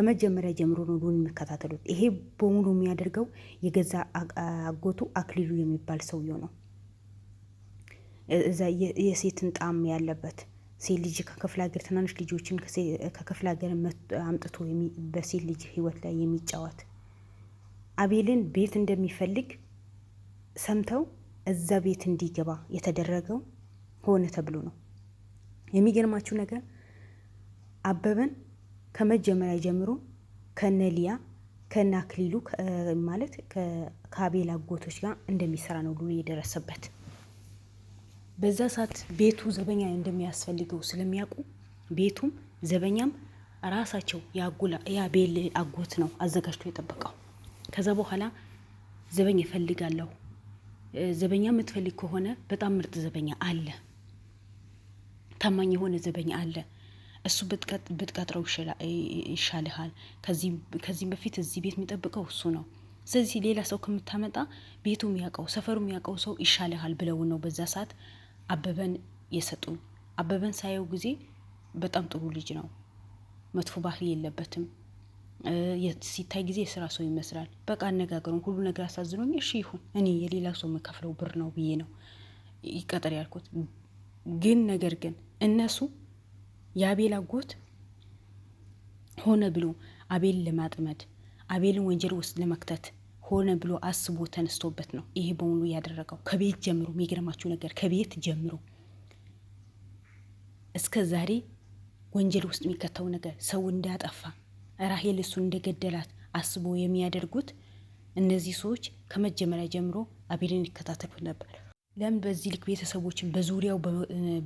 ከመጀመሪያ ጀምሮ ነው ሉን የሚከታተሉት። ይሄ በሙሉ የሚያደርገው የገዛ አጎቱ አክሊሉ የሚባል ሰውየው ነው። እዛ የሴትን ጣም ያለበት ሴት ልጅ ከክፍለ ሀገር ትናንሽ ልጆችን ከክፍለ ሀገር አምጥቶ በሴት ልጅ ህይወት ላይ የሚጫወት አቤልን ቤት እንደሚፈልግ ሰምተው እዛ ቤት እንዲገባ የተደረገው ሆነ ተብሎ ነው። የሚገርማችሁ ነገር አበበን ከመጀመሪያ ጀምሮ ከነ ሊያ ከነ አክሊሉ ማለት ከአቤል አጎቶች ጋር እንደሚሰራ ነው ሉሉ የደረሰበት። በዛ ሰዓት ቤቱ ዘበኛ እንደሚያስፈልገው ስለሚያውቁ ቤቱም ዘበኛም ራሳቸው የአቤል አጎት ነው አዘጋጅቶ የጠበቀው። ከዛ በኋላ ዘበኛ እፈልጋለሁ፣ ዘበኛ የምትፈልግ ከሆነ በጣም ምርጥ ዘበኛ አለ፣ ታማኝ የሆነ ዘበኛ አለ እሱ ብትቀጥረው ይሻልሃል። ከዚህም በፊት እዚህ ቤት የሚጠብቀው እሱ ነው። ስለዚህ ሌላ ሰው ከምታመጣ ቤቱ የሚያውቀው ሰፈሩ የሚያውቀው ሰው ይሻልሃል ብለው ነው በዛ ሰዓት አበበን የሰጡን። አበበን ሳየው ጊዜ በጣም ጥሩ ልጅ ነው፣ መጥፎ ባህሪ የለበትም። ሲታይ ጊዜ የስራ ሰው ይመስላል። በቃ አነጋገሩን ሁሉ ነገር አሳዝኖኝ እሺ ይሁን እኔ የሌላ ሰው የምከፍለው ብር ነው ብዬ ነው ይቀጠር ያልኩት። ግን ነገር ግን እነሱ የአቤል አጎት ሆነ ብሎ አቤልን ለማጥመድ አቤልን ወንጀል ውስጥ ለመክተት ሆነ ብሎ አስቦ ተነስቶበት ነው ይሄ በሙሉ ያደረገው። ከቤት ጀምሮ የሚገርማችሁ ነገር ከቤት ጀምሮ እስከ ዛሬ ወንጀል ውስጥ የሚከተው ነገር ሰው እንዳጠፋ ራሄል እሱን እንደገደላት አስቦ የሚያደርጉት እነዚህ ሰዎች ከመጀመሪያ ጀምሮ አቤልን ይከታተሉት ነበር። ለምን በዚህ ልክ ቤተሰቦችን በዙሪያው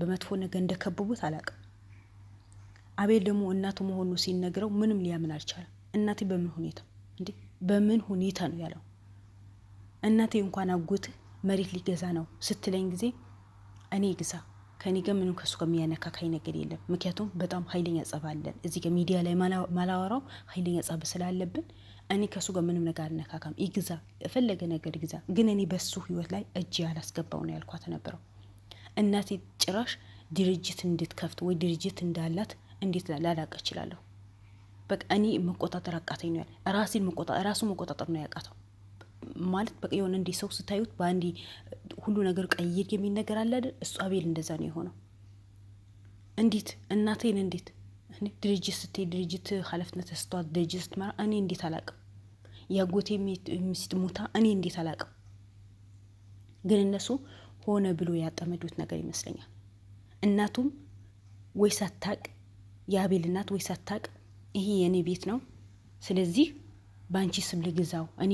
በመጥፎ ነገር እንደከበቡት አላውቅም። አቤል ደግሞ እናቱ መሆኑ ሲነግረው ምንም ሊያምን አልቻለም። እናቴ በምን ሁኔታ እንዴ በምን ሁኔታ ነው ያለው። እናቴ እንኳን አጎትህ መሬት ሊገዛ ነው ስትለኝ ጊዜ እኔ ግዛ ከኔ ጋር ምንም ከሱ ጋር የሚያነካካኝ ነገር የለም። ምክንያቱም በጣም ኃይለኛ ጸብ አለን። እዚህ ጋር ሚዲያ ላይ ማላወራው ኃይለኛ ጸብ ስላለብን እኔ ከሱ ጋር ምንም ነገር አልነካካም። ይግዛ የፈለገ ነገር ይግዛ፣ ግን እኔ በሱ ህይወት ላይ እጅ ያላስገባው ነው ያልኳት ነበረው። እናቴ ጭራሽ ድርጅት እንድትከፍት ወይ ድርጅት እንዳላት እንዴት ላላቅ እችላለሁ? በቃ እኔ መቆጣጠር አቃተኝ ነው ያለ። ራሴን ራሱ መቆጣጠር ነው ያቃተው ማለት በቃ የሆነ እንዲህ ሰው ስታዩት በአንዲ ሁሉ ነገር ቀይር የሚል ነገር አለ አይደል? እሱ አቤል እንደዛ ነው የሆነው። እንዴት እናቴን እንዴት ድርጅት ስትሄድ ድርጅት ኃላፊነት ስቷት ድርጅት ስትመራ እኔ እንዴት አላቅም? ያጎቴ ሚስት ሞታ እኔ እንዴት አላቅም? ግን እነሱ ሆነ ብሎ ያጠመዱት ነገር ይመስለኛል። እናቱም ወይ ሳታቅ የአቤል እናት ወይ ሳታቅ ይሄ የእኔ ቤት ነው፣ ስለዚህ በአንቺ ስም ልግዛው፣ እኔ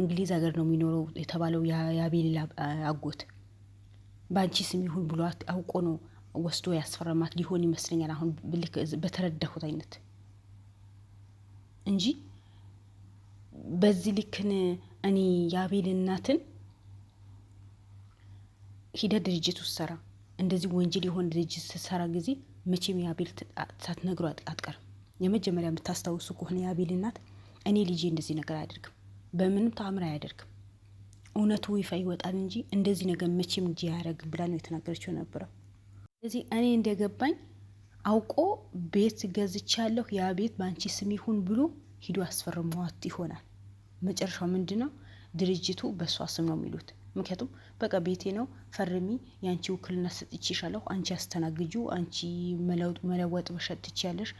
እንግሊዝ ሀገር ነው የሚኖረው የተባለው የአቤል አጎት በአንቺ ስም ይሁን ብሎ አውቆ ነው ወስዶ ያስፈረማት ሊሆን ይመስለኛል። አሁን በተረዳሁት አይነት እንጂ በዚህ ልክን እኔ የአቤል እናትን ሂደት ድርጅት ውስጥ ሰራ እንደዚህ ወንጀል የሆነ ድርጅት ስትሰራ ጊዜ መቼም የአቤል ሳትነግሩ አትቀርም። የመጀመሪያ የምታስታውሱ ከሆነ የአቤል እናት እኔ ልጄ እንደዚህ ነገር አያደርግም፣ በምንም ተአምር አያደርግም፣ እውነቱ ይፋ ይወጣል እንጂ እንደዚህ ነገር መቼም እንጂ አያደርግም ብላ ነው የተናገረችው ነበረው። ስለዚህ እኔ እንደገባኝ አውቆ ቤት ገዝቻለሁ ያ ቤት በአንቺ ስም ይሁን ብሎ ሂዶ አስፈርመዋት ይሆናል። መጨረሻው ምንድን ነው? ድርጅቱ በእሷ ስም ነው የሚሉት ምክንያቱም በቃ ቤቴ ነው፣ ፈርሚ፣ የአንቺ ውክልና ሰጥቼሻለሁ፣ አንቺ አስተናግጁ፣ አንቺ መለወጥ መሸጥ ትችያለሽ፣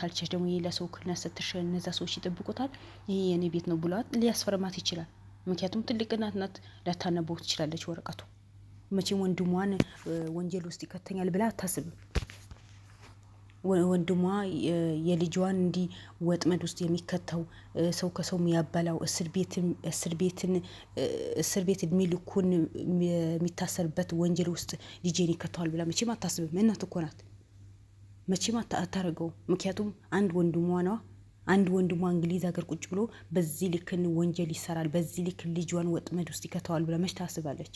ካልቻሽ ደግሞ የሌላ ሰው ውክልና ሰጥሽ፣ እነዛ ሰዎች ይጠብቁታል፣ ይሄ የእኔ ቤት ነው ብሏት ሊያስፈርማት ይችላል። ምክንያቱም ትልቅ እናት ናት፣ ላታነበው ትችላለች ወረቀቱ። መቼም ወንድሟን ወንጀል ውስጥ ይከተኛል ብላ አታስብም። ወንድሟ የልጇን እንዲህ ወጥመድ ውስጥ የሚከተው ሰው ከሰው የሚያበላው እስር ቤትን እስር ቤት እድሜ ልኩን የሚታሰርበት ወንጀል ውስጥ ልጄን ይከተዋል ብላ መቼም አታስብም። እናት እኮ ናት። መቼም አታረገው። ምክንያቱም አንድ ወንድሟ ነዋ። አንድ ወንድሟ እንግሊዝ ሀገር ቁጭ ብሎ በዚህ ልክን ወንጀል ይሰራል፣ በዚህ ልክ ልጇን ወጥመድ ውስጥ ይከተዋል ብላ መች ታስባለች?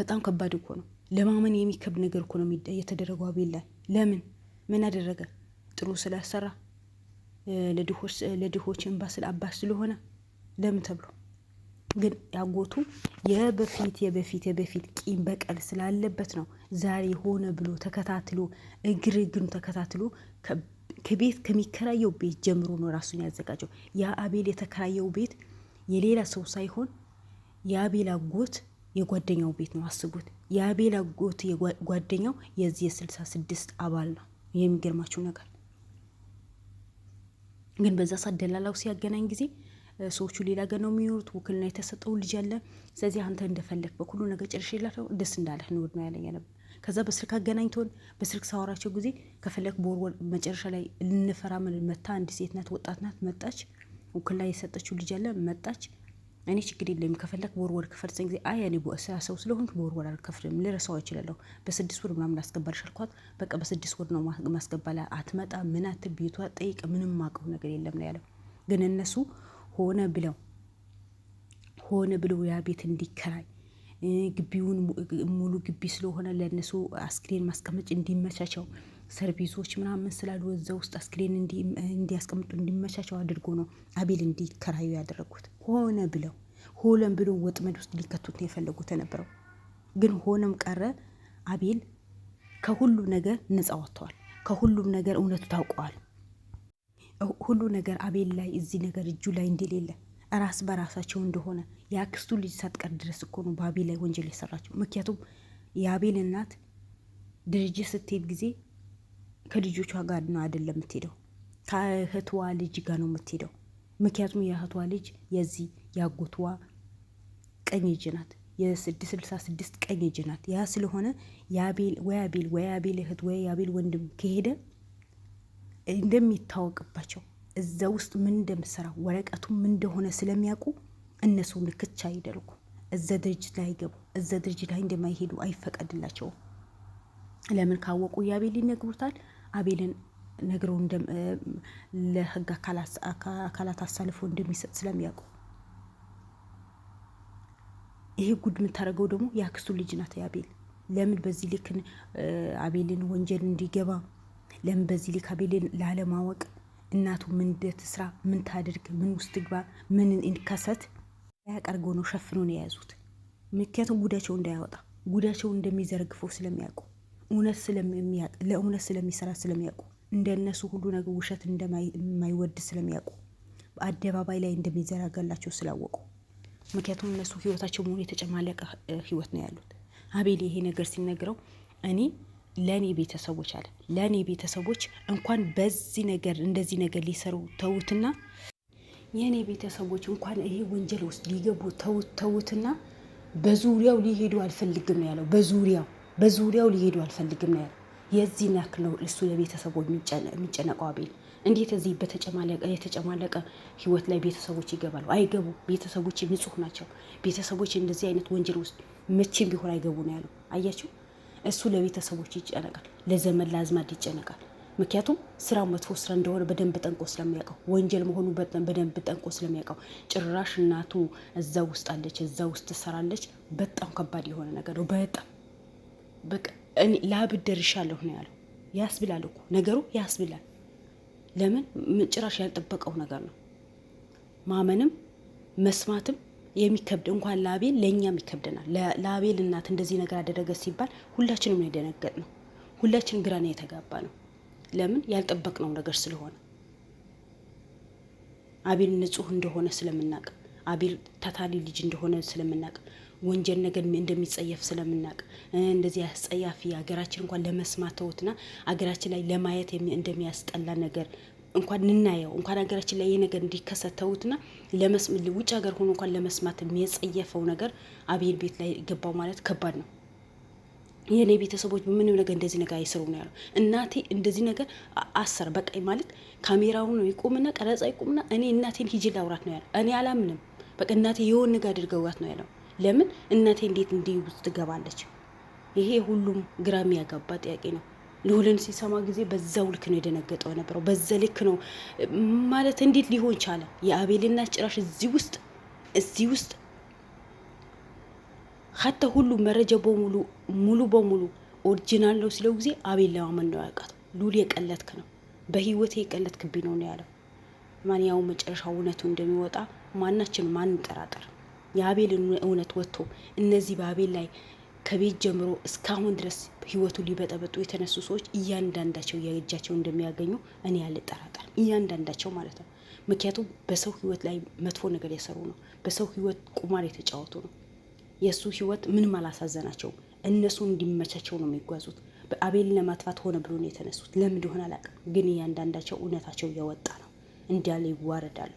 በጣም ከባድ እኮ ነው። ለማመን የሚከብድ ነገር እኮ ነው የተደረገው። አቤላ ለምን ምን አደረገ? ጥሩ ስላሰራ ለድሆች እንባ ስለ አባት ስለሆነ ለምን ተብሎ ግን ያጎቱ የበፊት የበፊት የበፊት ቂም በቀል ስላለበት ነው። ዛሬ ሆነ ብሎ ተከታትሎ እግር እግሩ ተከታትሎ ከቤት ከሚከራየው ቤት ጀምሮ ነው ራሱን ያዘጋጀው። የአቤል የተከራየው ቤት የሌላ ሰው ሳይሆን የአቤል አጎት የጓደኛው ቤት ነው። አስቡት። የአቤል አጎት ጓደኛው የዚህ የስልሳ ስድስት አባል ነው። የሚገርማችሁ ነገር ግን በዛ ሰዓት ደላላው ሲያገናኝ ጊዜ ሰዎቹ ሌላ ገር ነው የሚኖሩት። ውክልና የተሰጠው ልጅ አለ። ስለዚህ አንተ እንደፈለግ በሁሉ ነገር ጨርሽ የላቸው ደስ እንዳለህ ንውድ ነው ያለኝ ነበር። ከዛ በስልክ አገናኝተውን በስልክ ሳወራቸው ጊዜ ከፈለግ በወር መጨረሻ ላይ ልንፈራመል መታ አንድ ሴት ናት፣ ወጣት ናት። መጣች ውክልና የሰጠችው ልጅ አለ መጣች እኔ ችግር የለም ከፈለክ በወርወር ክፈል ጊዜ አይ እኔ ስራ ሰው ስለሆንክ በወርወር አልከፍልም ልረሳው ይችላለሁ በስድስት ወር ምናምን ላስገባልሽ አልኳት። በቃ በስድስት ወር ነው ማስገባላ አትመጣ ምን አትቤቷ ጠይቅ ምንም ማቀው ነገር የለም ነው ያለው። ግን እነሱ ሆነ ብለው ሆነ ብለው ያ ቤት እንዲከራይ ግቢውን ሙሉ ግቢ ስለሆነ ለእነሱ አስክሬን ማስቀመጭ እንዲመቻቸው ሰርቪሶች ምናምን ስላሉ እዛ ውስጥ አስክሬን እንዲያስቀምጡ እንዲመቻቸው አድርጎ ነው አቤል እንዲከራዩ ያደረጉት። ሆነ ብለው ሆለም ብሎ ወጥመድ ውስጥ ሊከቱት የፈለጉት የነበረው። ግን ሆነም ቀረ አቤል ከሁሉ ነገር ነፃ ወጥተዋል። ከሁሉም ነገር እውነቱ ታውቀዋል። ሁሉ ነገር አቤል ላይ እዚህ ነገር እጁ ላይ እንደሌለ ራስ በራሳቸው እንደሆነ የአክስቱ ልጅ ሳትቀር ድረስ እኮ ነው በአቤል ላይ ወንጀል የሰራቸው። ምክንያቱም የአቤል እናት ድርጅት ስትሄድ ጊዜ ከልጆቿ ጋር ነው አይደለም የምትሄደው፣ ከእህትዋ ልጅ ጋር ነው የምትሄደው። ምክንያቱም የእህቷ ልጅ የዚህ ያጎትዋ ቀኝ እጅ ናት፣ የስልሳ ስድስት ቀኝ እጅ ናት። ያ ስለሆነ የአቤል ወይ አቤል ወይ አቤል እህት ወይ አቤል ወንድም ከሄደ እንደሚታወቅባቸው እዛ ውስጥ ምን እንደምሰራ ወረቀቱ ምን እንደሆነ ስለሚያውቁ እነሱ ንክቻ አይደርጉ፣ እዛ ድርጅት ላይ አይገቡ፣ እዛ ድርጅት ላይ እንደማይሄዱ አይፈቀድላቸውም። ለምን ካወቁ የአቤል ይነግሩታል። አቤልን ነግሮ ለህግ አካላት አሳልፎ እንደሚሰጥ ስለሚያውቁ ይሄ ጉድ የምታደርገው ደግሞ የአክስቱ ልጅ ናት። የአቤል ለምን በዚህ ልክ አቤልን ወንጀል እንዲገባ ለምን በዚህ ልክ አቤልን ላለማወቅ እናቱ ምን ትስራ፣ ምን ታድርግ፣ ምን ውስጥ ግባ፣ ምን እንከሰት ያቀርገው ነው ሸፍኖ ነው የያዙት። ምክንያቱም ጉዳቸው እንዳያወጣ ጉዳቸው እንደሚዘረግፈው ስለሚያውቁ እውነት ለእውነት ስለሚሰራ ስለሚያውቁ እንደነሱ ሁሉ ነገር ውሸት እንደማይወድ ስለሚያውቁ በአደባባይ ላይ እንደሚዘራጋላቸው ስላወቁ ምክንያቱም እነሱ ህይወታቸው መሆኑ የተጨማለቀ ህይወት ነው ያሉት። አቤል ይሄ ነገር ሲነግረው እኔ ለእኔ ቤተሰቦች አለ ለእኔ ቤተሰቦች እንኳን በዚህ ነገር እንደዚህ ነገር ሊሰሩ ተዉትና የእኔ ቤተሰቦች እንኳን ይሄ ወንጀል ውስጥ ሊገቡ ተውትና በዙሪያው ሊሄዱ አልፈልግም ነው ያለው። በዙሪያው በዙሪያው ሊሄዱ አልፈልግም ነው ያለው። የዚህን ያክል ነው እሱ ለቤተሰቡ የሚጨነቀው አቤል። እንዴት እዚህ የተጨማለቀ ህይወት ላይ ቤተሰቦች ይገባሉ? አይገቡ። ቤተሰቦች ንጹህ ናቸው። ቤተሰቦች እንደዚህ አይነት ወንጀል ውስጥ መቼም ቢሆን አይገቡ ነው ያለው። አያቸው እሱ ለቤተሰቦች ይጨነቃል፣ ለዘመድ ለአዝማድ ይጨነቃል። ምክንያቱም ስራው መጥፎ ስራ እንደሆነ በደንብ ጠንቆ ስለሚያውቀው ወንጀል መሆኑ በደንብ ጠንቆ ስለሚያውቀው፣ ጭራሽ እናቱ እዛ ውስጥ አለች፣ እዛ ውስጥ ትሰራለች። በጣም ከባድ የሆነ ነገር ነው በጣም በቃ እኔ ይሻለሁ ነው ያለው። ያስብላል እኮ ነገሩ ያስብላል። ለምን ጭራሽ ያልጠበቀው ነገር ነው። ማመንም መስማትም የሚከብድ እንኳን ለአቤል ለእኛም ይከብደናል። ለአቤል እናት እንደዚህ ነገር አደረገ ሲባል ሁላችንም ነው የደነገጥ ነው። ሁላችን ግራ ነው የተጋባ ነው። ለምን ያልጠበቅነው ነገር ስለሆነ አቤል ንጹህ እንደሆነ ስለምናቅ አቤል ተታሊ ልጅ እንደሆነ ስለምናቅ ወንጀል ነገር እንደሚጸየፍ ስለምናውቅ እንደዚህ አስጸያፊ ሀገራችን እንኳን ለመስማት ተውትና ሀገራችን ላይ ለማየት እንደሚያስጠላ ነገር እንኳን እናየው እንኳን ሀገራችን ላይ ይህ ነገር እንዲከሰት ተውትና ውጭ ሀገር ሆኖ እንኳን ለመስማት የሚጸየፈው ነገር አብሄር ቤት ላይ ገባው ማለት ከባድ ነው። የእኔ ቤተሰቦች ምንም ነገር እንደዚህ ነገር አይስሩ ነው ያለው። እናቴ እንደዚህ ነገር አሰር በቃ ማለት ካሜራውን ይቁምና ቀረጻ ይቁምና እኔ እናቴን ሂጂ ላውራት ነው ያለው። እኔ አላምንም። በቃ እናቴ የሆን ነገር አድርገውት ነው ያለው። ለምን እናቴ እንዴት እንዲህ ውስጥ ትገባለች? ይሄ ሁሉም ግራ የሚያጋባ ጥያቄ ነው። ልዑልን ሲሰማ ጊዜ በዛው ልክ ነው የደነገጠው ነበረው በዛ ልክ ነው ማለት እንዴት ሊሆን ቻለ? የአቤልና ጭራሽ እዚህ ውስጥ እዚህ ውስጥ ሀታ ሁሉ መረጃ በሙሉ ሙሉ በሙሉ ኦሪጂናል ነው ሲለው ጊዜ አቤል ለማመን ነው ያውቃት። ሉል የቀለትክ ነው፣ በህይወቴ የቀለድክብኝ ነው ነው ያለው። ማን ያው መጨረሻ እውነቱ እንደሚወጣ ማናችን ማን የአቤል እውነት ወጥቶ እነዚህ በአቤል ላይ ከቤት ጀምሮ እስካሁን ድረስ ህይወቱ ሊበጠበጡ የተነሱ ሰዎች እያንዳንዳቸው የእጃቸው እንደሚያገኙ እኔ አልጠራጠርም። እያንዳንዳቸው ማለት ነው። ምክንያቱም በሰው ህይወት ላይ መጥፎ ነገር የሰሩ ነው። በሰው ህይወት ቁማር የተጫወቱ ነው። የእሱ ህይወት ምንም አላሳዘናቸውም። እነሱ እንዲመቻቸው ነው የሚጓዙት። በአቤል ለማጥፋት ሆነ ብሎ ነው የተነሱት። ለምን እንደሆነ አላውቅም፣ ግን እያንዳንዳቸው እውነታቸው እየወጣ ነው። እንዲያለ ይዋረዳሉ።